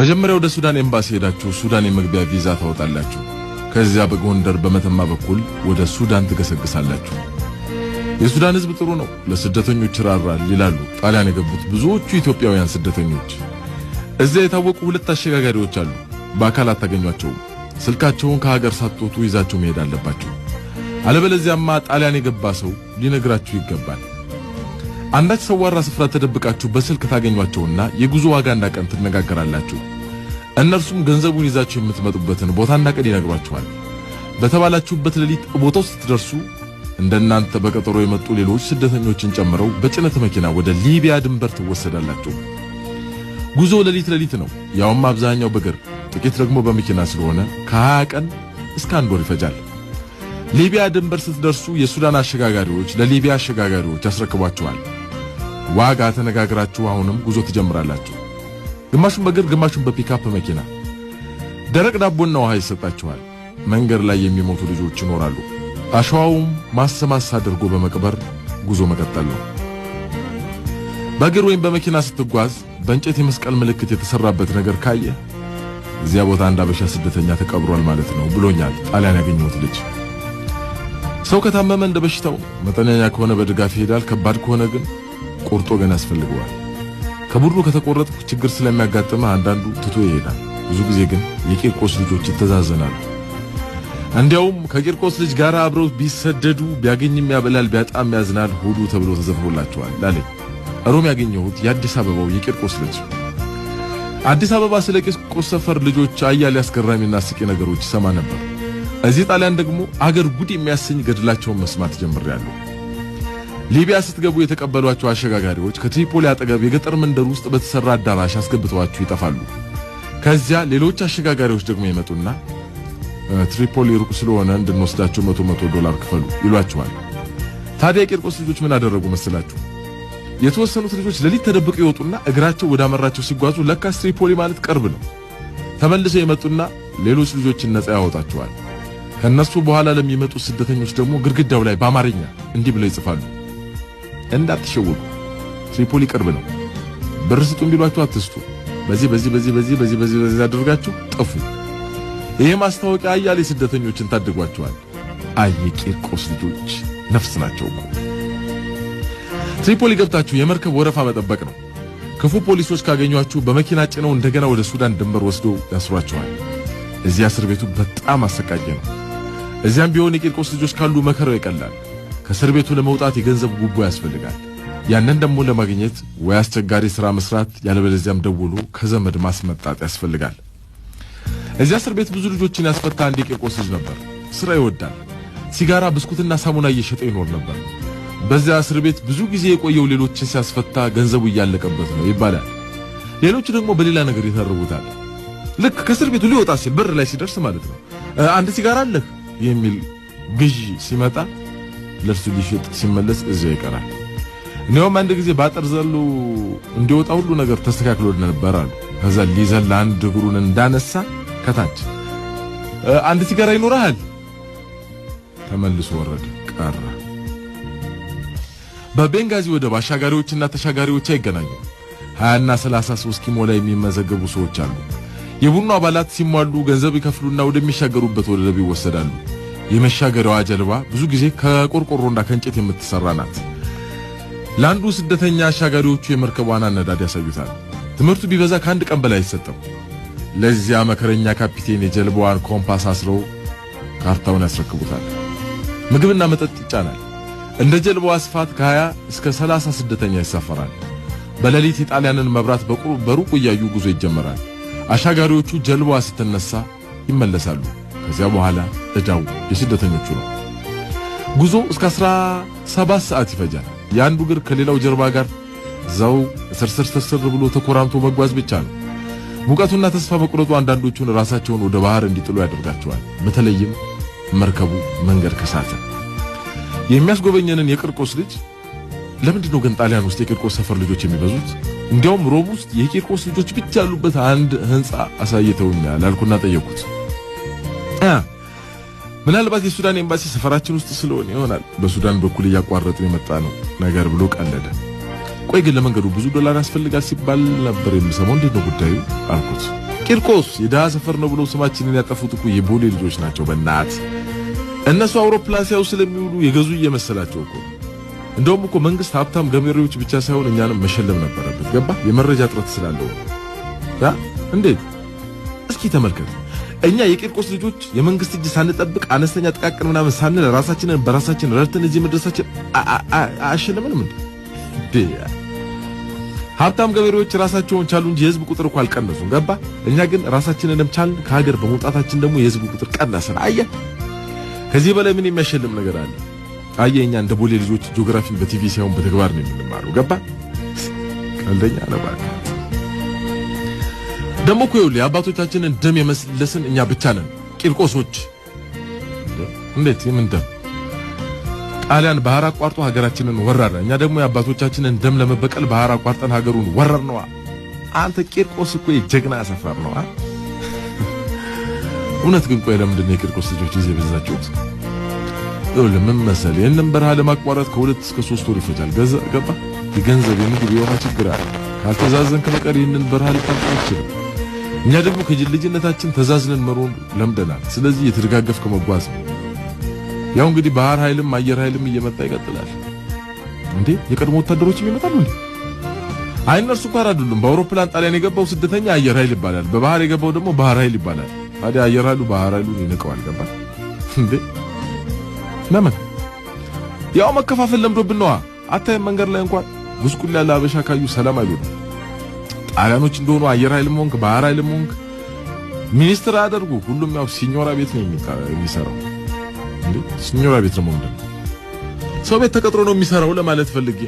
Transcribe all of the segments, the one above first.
መጀመሪያ ወደ ሱዳን ኤምባሲ ሄዳችሁ ሱዳን የመግቢያ ቪዛ ታወጣላችሁ። ከዚያ በጎንደር በመተማ በኩል ወደ ሱዳን ትገሰግሳላችሁ። የሱዳን ሕዝብ ጥሩ ነው፣ ለስደተኞች ራራ ይላሉ ጣሊያን የገቡት ብዙዎቹ ኢትዮጵያውያን ስደተኞች። እዚያ የታወቁ ሁለት አሸጋጋሪዎች አሉ። በአካል አታገኟቸውም። ስልካቸውን ከሀገር ሳትወጡ ይዛቸው መሄድ አለባቸው። አለበለዚያማ ጣሊያን የገባ ሰው ሊነግራችሁ ይገባል። አንዳች ሰዋራ ስፍራ ተደብቃችሁ በስልክ ታገኟቸውና የጉዞ ዋጋና ቀን ትነጋገራላችሁ። እነርሱም ገንዘቡን ይዛችሁ የምትመጡበትን ቦታና ቀን ይነግሯችኋል። በተባላችሁበት ሌሊት ቦታው ስትደርሱ እንደናንተ በቀጠሮ የመጡ ሌሎች ስደተኞችን ጨምረው በጭነት መኪና ወደ ሊቢያ ድንበር ትወሰዳላችሁ። ጉዞ ሌሊት ሌሊት ነው፣ ያውም አብዛኛው በእግር ጥቂት ደግሞ በመኪና ስለሆነ ከ20 ቀን እስከ አንድ ወር ይፈጃል። ሊቢያ ድንበር ስትደርሱ የሱዳን አሸጋጋሪዎች ለሊቢያ አሸጋጋሪዎች ያስረክቧቸዋል። ዋጋ ተነጋግራችሁ አሁንም ጉዞ ትጀምራላችሁ። ግማሹን በእግር ግማሹን በፒካፕ መኪና። ደረቅ ዳቦና ውሃ ይሰጣችኋል። መንገድ ላይ የሚሞቱ ልጆች ይኖራሉ። አሸዋውም ማሰማስ አድርጎ በመቅበር ጉዞ መቀጠል ነው። በእግር ወይም በመኪና ስትጓዝ በእንጨት የመስቀል ምልክት የተሰራበት ነገር ካየ እዚያ ቦታ አንድ አበሻ ስደተኛ ተቀብሯል ማለት ነው ብሎኛል ጣሊያን ያገኘሁት ልጅ። ሰው ከታመመ እንደ በሽታው መጠነኛ ከሆነ በድጋፍ ይሄዳል። ከባድ ከሆነ ግን ቆርጦ ገና ያስፈልገዋል። ከቡድኑ ከተቆረጥኩ ችግር ስለሚያጋጥመ አንዳንዱ ትቶ ይሄዳል። ብዙ ጊዜ ግን የቂርቆስ ልጆች ይተዛዘናሉ። እንዲያውም ከቂርቆስ ልጅ ጋር አብረው ቢሰደዱ ቢያገኝም ያበላል ቢያጣም ያዝናል ሁሉ ተብሎ ተዘፍኖላቸዋል ላለኝ ሮም ያገኘሁት የአዲስ አበባው የቂርቆስ ልጅ። አዲስ አበባ ስለ ቂርቆስ ሰፈር ልጆች አያሌ አስገራሚና አስቂ ነገሮች ይሰማ ነበር። እዚህ ጣሊያን ደግሞ አገር ጉድ የሚያሰኝ ገድላቸውን መስማት ጀምሬያለሁ። ሊቢያ ስትገቡ የተቀበሏቸው አሸጋጋሪዎች ከትሪፖሊ አጠገብ የገጠር መንደር ውስጥ በተሰራ አዳራሽ አስገብተዋችሁ ይጠፋሉ። ከዚያ ሌሎች አሸጋጋሪዎች ደግሞ ይመጡና ትሪፖሊ ሩቅ ስለሆነ እንድንወስዳቸው መቶ መቶ ዶላር ክፈሉ ይሏችኋል። ታዲያ የቂርቆስ ልጆች ምን አደረጉ መስላችሁ? የተወሰኑት ልጆች ሌሊት ተደብቀው ይወጡና እግራቸው ወደ አመራቸው ሲጓዙ ለካስ ትሪፖሊ ማለት ቅርብ ነው። ተመልሰው የመጡና ሌሎች ልጆችን ነጻ ያወጣቸዋል። ከነሱ በኋላ ለሚመጡት ስደተኞች ደግሞ ግድግዳው ላይ በአማርኛ እንዲህ ብለው ይጽፋሉ እንዳትሸወዱ። ትሪፖሊ ቅርብ ነው። ብር ስጡን ቢሏችሁ አትስጡ። በዚህ በዚህ በዚህ በዚህ በዚህ በዚህ በዚህ አድርጋችሁ ጠፉ። ይሄ ማስታወቂያ አያሌ ስደተኞችን ታድጓቸዋል። አይ የቂርቆስ ልጆች ነፍስ ናቸው እኮ። ትሪፖሊ ገብታችሁ የመርከብ ወረፋ መጠበቅ ነው። ክፉ ፖሊሶች ካገኟችሁ በመኪና ጭነው እንደገና ወደ ሱዳን ድንበር ወስዶ ያስሯቸዋል። እዚያ እስር ቤቱ በጣም አሰቃቂ ነው። እዚያም ቢሆን የቂርቆስ ልጆች ካሉ መከራው ይቀላል። ከእስር ቤቱ ለመውጣት የገንዘብ ጉቦ ያስፈልጋል። ያንን ደግሞ ለማግኘት ወይ አስቸጋሪ ሥራ መስራት፣ ያለበለዚያም ደውሎ ከዘመድ ማስመጣት ያስፈልጋል። እዚያ እስር ቤት ብዙ ልጆችን ያስፈታ አንድ ቂርቆስ ልጅ ነበር። ሥራ ይወዳል። ሲጋራ፣ ብስኩትና ሳሙና እየሸጠ ይኖር ነበር። በዚያ እስር ቤት ብዙ ጊዜ የቆየው ሌሎችን ሲያስፈታ ገንዘቡ እያለቀበት ነው ይባላል። ሌሎቹ ደግሞ በሌላ ነገር ይተርቡታል። ልክ ከእስር ቤቱ ሊወጣ ሲል በር ላይ ሲደርስ ማለት ነው አንድ ሲጋራ አለህ የሚል ግዢ ሲመጣ ለእርሱ ሊሸጥ ሲመለስ እዚያ ይቀራል። እንዲያውም አንድ ጊዜ ባጠር ዘሎ እንዲወጣ ሁሉ ነገር ተስተካክሎ ነበር አሉ። ከዛ ሊዘል አንድ እግሩን እንዳነሳ ከታች አንድ ሲጋራ ይኖርሃል ተመልሶ ወረደ፣ ቀረ። በቤንጋዚ ወደብ አሻጋሪዎችና ተሻጋሪዎች አይገናኙም። ሀያና ሰላሳ ሦስት ኪሞ ላይ የሚመዘገቡ ሰዎች አሉ። የቡኑ አባላት ሲሟሉ ገንዘብ ይከፍሉና ወደሚሻገሩበት ወደብ ይወሰዳሉ። የመሻገሪያዋ ጀልባ ብዙ ጊዜ ከቆርቆሮና ከእንጨት የምትሰራ ናት። ለአንዱ ስደተኛ አሻጋሪዎቹ የመርከቧን አነዳድ ያሳዩታል። ትምህርቱ ቢበዛ ከአንድ ቀን በላይ አይሰጥም። ለዚያ መከረኛ ካፒቴን የጀልባዋን ኮምፓስ አስረው ካርታውን ያስረክቡታል። ምግብና መጠጥ ይጫናል። እንደ ጀልባዋ ስፋት ከ20 እስከ 30 ስደተኛ ይሳፈራል። በሌሊት የጣሊያንን መብራት በሩቁ እያዩ ጉዞ ይጀመራል። አሻጋሪዎቹ ጀልባዋ ስትነሳ ይመለሳሉ። ከዚያ በኋላ እዳው የስደተኞቹ ነው። ጉዞ እስከ አስራ ሰባት ሰዓት ይፈጃል። የአንዱ እግር ከሌላው ጀርባ ጋር ዘው ስርስር ስርስር ብሎ ተኮራምቶ መጓዝ ብቻ ነው። ሙቀቱና ተስፋ መቁረጡ አንዳንዶቹን ራሳቸውን ወደ ባህር እንዲጥሉ ያደርጋቸዋል። በተለይም መርከቡ መንገድ ከሳተ። የሚያስጎበኘንን የቂርቆስ ልጅ ለምንድን ነው ግን ጣሊያን ውስጥ የቂርቆስ ሰፈር ልጆች የሚበዙት? እንዲያውም ሮም ውስጥ የቂርቆስ ልጆች ብቻ ያሉበት አንድ ሕንፃ አሳይተውኛል አልኩና ጠየቅኩት። ምናልባት የሱዳን ኤምባሲ ሰፈራችን ውስጥ ስለሆነ ይሆናል በሱዳን በኩል እያቋረጡ የመጣ ነው ነገር ብሎ ቀለደ። ቆይ ግን ለመንገዱ ብዙ ዶላር ያስፈልጋል ሲባል ነበር የምሰማው። እንዴት ነው ጉዳዩ አልኩት። ቂርቆስ የድሃ ሰፈር ነው ብለው ስማችንን ያጠፉት እኮ የቦሌ ልጆች ናቸው። በእናት እነሱ አውሮፕላን ሲያው ስለሚውሉ የገዙ እየመሰላቸው እኮ እንደውም እኮ መንግስት ሀብታም ገበሬዎች ብቻ ሳይሆን እኛንም መሸለም ነበረበት። ገባ የመረጃ እጥረት ስላለው ያ እንዴት እስኪ ተመልከት እኛ የቂርቆስ ልጆች የመንግስት እጅ ሳንጠብቅ አነስተኛ ጥቃቅን ምናምን ሳንል ራሳችንን በራሳችን ረድተን እዚህ መድረሳችን አያሸልምንም እንዴ? ሀብታም ገበሬዎች ራሳቸውን ቻሉ እንጂ የህዝብ ቁጥር እኮ አልቀነሱም። ገባ? እኛ ግን ራሳችንንም ቻልን። ከሀገር በመውጣታችን ደግሞ የህዝብ ቁጥር ቀነሰን። አየ፣ ከዚህ በላይ ምን የሚያሸልም ነገር አለ? አየ፣ እኛ እንደ ቦሌ ልጆች ጂኦግራፊን በቲቪ ሳይሆን በተግባር ነው የምንማረው። ገባ? ቀልደኛ ነበር። ደሞ እኮ ይኸውልህ የአባቶቻችንን ደም የመለስን እኛ ብቻ ነን ቂርቆሶች። እንዴት ምን ደም? ጣሊያን ባህር አቋርጦ ሀገራችንን ወረረ። እኛ ደግሞ የአባቶቻችንን ደም ለመበቀል ባህር አቋርጠን ሀገሩን ወረር አንተ ቂርቆስ እኮ የጀግና ሰፈር ነው። እውነት ግን ቆይ ለምንድን ነው የቂርቆስ ልጆች ይዘህ የበዛችሁት? ይኸውልህ ምን መሰለህ ይህንን በረሃ ለማቋረጥ ከሁለት እስከ ሶስት ወር ይፈጃል። ገንዘብ የምግብ የሆነ ችግር አለ። ካልተዛዘንክ በቀር ይህንን በረሃ ልታልፈው አትችልም። እኛ ደግሞ ከልጅነታችን ተዛዝነን መሮን ለምደናል። ስለዚህ የተደጋገፍ ከመጓዝ ነው። ያው እንግዲህ ባህር ኃይልም አየር ኃይልም እየመጣ ይቀጥላል። እንዴ የቀድሞ ወታደሮችም ይመጣሉ እንዴ? አይ እነርሱ አይደሉም። በአውሮፕላን ጣሊያን የገባው ስደተኛ አየር ኃይል ይባላል። በባህር የገባው ደግሞ ባህር ኃይል ይባላል። ታዲያ አየር ኃይሉ ባህር ኃይሉን ይነቀዋል። ገባ እንዴ? ለምን ያው መከፋፈል ለምዶብን ነዋ። አታይም መንገድ ላይ እንኳን ጉስቁል ያለ አበሻ ካዩ ሰላም አይሉም። ጣሊያኖች እንደሆኑ አየር ኃይልም ሆንክ ባህር ኃይልም ሆንክ ሚኒስትር አደርጉ። ሁሉም ያው ሲኞራ ቤት ነው የሚሰራው። እንዴ ሲኞራ ቤት ነው ወንድም፣ ሰው ቤት ተቀጥሮ ነው የሚሰራው ለማለት ፈልጌ።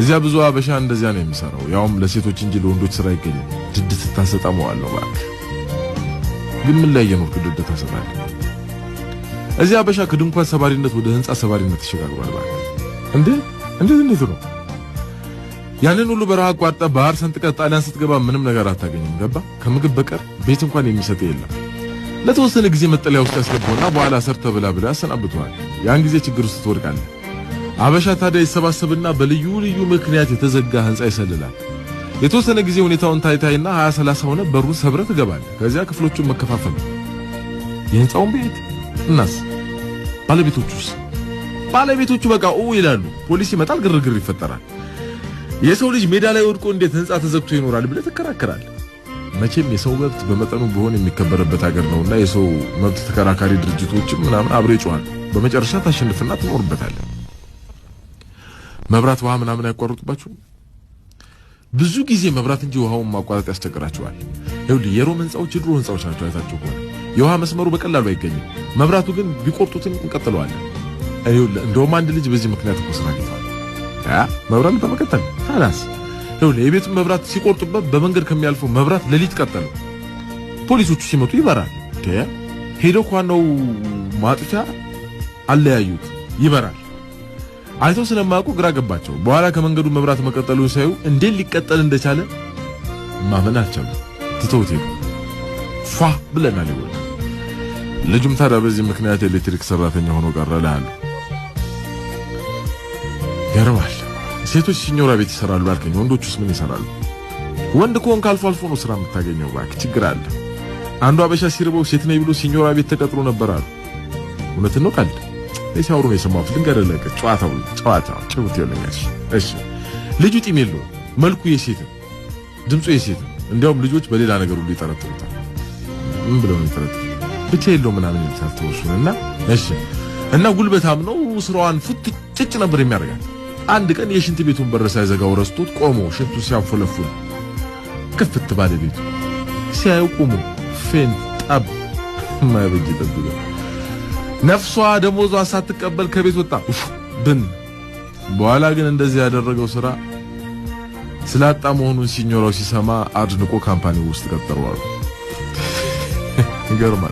እዚያ ብዙ አበሻ እንደዚያ ነው የሚሰራው። ያውም ለሴቶች እንጂ ለወንዶች ስራ አይገኝም። ድድ ስታሰጣመዋለሁ ማለት ግን ምን ላይ የኖርክ ድድት ታሰጣለህ? እዚያ አበሻ ከድንኳን ሰባሪነት ወደ ህንጻ ሰባሪነት ተሸጋግሯል። ማለት እንዴ! እንዴት እንዴት ነው ያንን ሁሉ በረሃ አቋርጠ ባህር ሰንጥቀ ጣሊያን ስትገባ ምንም ነገር አታገኝም። ገባ ከምግብ በቀር ቤት እንኳን የሚሰጥ የለም። ለተወሰነ ጊዜ መጠለያ ውስጥ ያስገባውና በኋላ ሰርተ ብላ ብላ ያሰናብተዋል። ያን ጊዜ ችግር ውስጥ ትወድቃለ። አበሻ ታዲያ ይሰባሰብና በልዩ ልዩ ምክንያት የተዘጋ ህንጻ ይሰልላል። የተወሰነ ጊዜ ሁኔታውን ታይታይና 20 30 ሆነ በሩ ሰብረ ትገባል። ከዚያ ክፍሎቹን መከፋፈል የህንጻውን ቤት እናስ ባለቤቶቹስ? ባለቤቶቹ በቃ ኡ ይላሉ። ፖሊስ ይመጣል፣ ግርግር ይፈጠራል። የሰው ልጅ ሜዳ ላይ ወድቆ እንዴት ህንፃ ተዘግቶ ይኖራል ብለህ ትከራከራለህ። መቼም የሰው መብት በመጠኑ ቢሆን የሚከበረበት ሀገር ነውና የሰው መብት ተከራካሪ ድርጅቶችም ምናምን አብሬ ይጮኻል። በመጨረሻ ታሸንፍና ትኖርበታለህ። መብራት ውሃ ምናምን አያቋርጡባችሁም። ብዙ ጊዜ መብራት እንጂ ውሃውን ማቋረጥ ያስቸግራቸዋል። ይኸውልህ የሮም ህንፃዎች የድሮ ህንፃዎች ናቸው። አይታችሁ ከሆነ የውሃ መስመሩ በቀላሉ አይገኝም። መብራቱ ግን ቢቆርጡትን እንቀጥለዋለን። እንደውም አንድ ልጅ በዚህ ምክንያት እኮ ስራ መብራት በመቀጠል ታላስ ይኸውልህ የቤትን መብራት ሲቆርጡበት በመንገድ ከሚያልፈው መብራት ሌሊት ቀጠለ። ፖሊሶቹ ሲመጡ ይበራል። ሄደው ከዋናው ማጥቻ አለያዩት። ይበራል። አይተው ስለማያውቁ ግራ ገባቸው። በኋላ ከመንገዱ መብራት መቀጠሉ ሳዩ እንዴት ሊቀጠል እንደቻለ ማመን አልቻሉ። ትተውት ሄዱ። ፏ ብለናል። ይወል ልጁም ታዲያ በዚህ ምክንያት ኤሌክትሪክ ሰራተኛ ሆኖ ቀረ። ይገርማል። ሴቶች ሲኞራ ቤት ይሰራሉ ባልከኝ፣ ወንዶቹስ ምን ይሰራሉ? ወንድ ከሆንክ አልፎ አልፎ ነው ስራ የምታገኘው። ባክ ችግር አለ። አንዱ አበሻ ሲርበው ሴት ነኝ ብሎ ሲኞራ ቤት ተቀጥሮ ነበር አሉ። እውነትን ነው ቀልድ? ሲያወሩ ነው የሰማሁት። ልንገርህ ለቀ ጨዋታው ጨዋታው ጭውት ይለኛል። እሺ ልጁ ጢም የለውም፣ መልኩ የሴት ድምፁ የሴት እንዲያውም ልጆች በሌላ ነገር ሁሉ ይጠረጥሩታል። ምን ብለው ነው ይጠረጥሩ ብቻ የለው ምናምን ይልታል። ተወሱንና እሺ እና ጉልበታም ነው ስራዋን ፉት ጭጭ ነበር የሚያደርጋት አንድ ቀን የሽንት ቤቱን በር ሳይዘጋው ረስቶት ቆሞ ሽንቱ ሲያንፎለፉል ክፍት ባለ ቤቱ ሲያዩ ቆሞ ፌን ጠብ ማይበጅ ጠብቆ ነፍሷ ደሞዟ ሳትቀበል ከቤት ወጣ ብን። በኋላ ግን እንደዚህ ያደረገው ስራ ስላጣ መሆኑን ሲኞራው ሲሰማ አድንቆ ካምፓኒ ውስጥ አሉ። ይገርማል።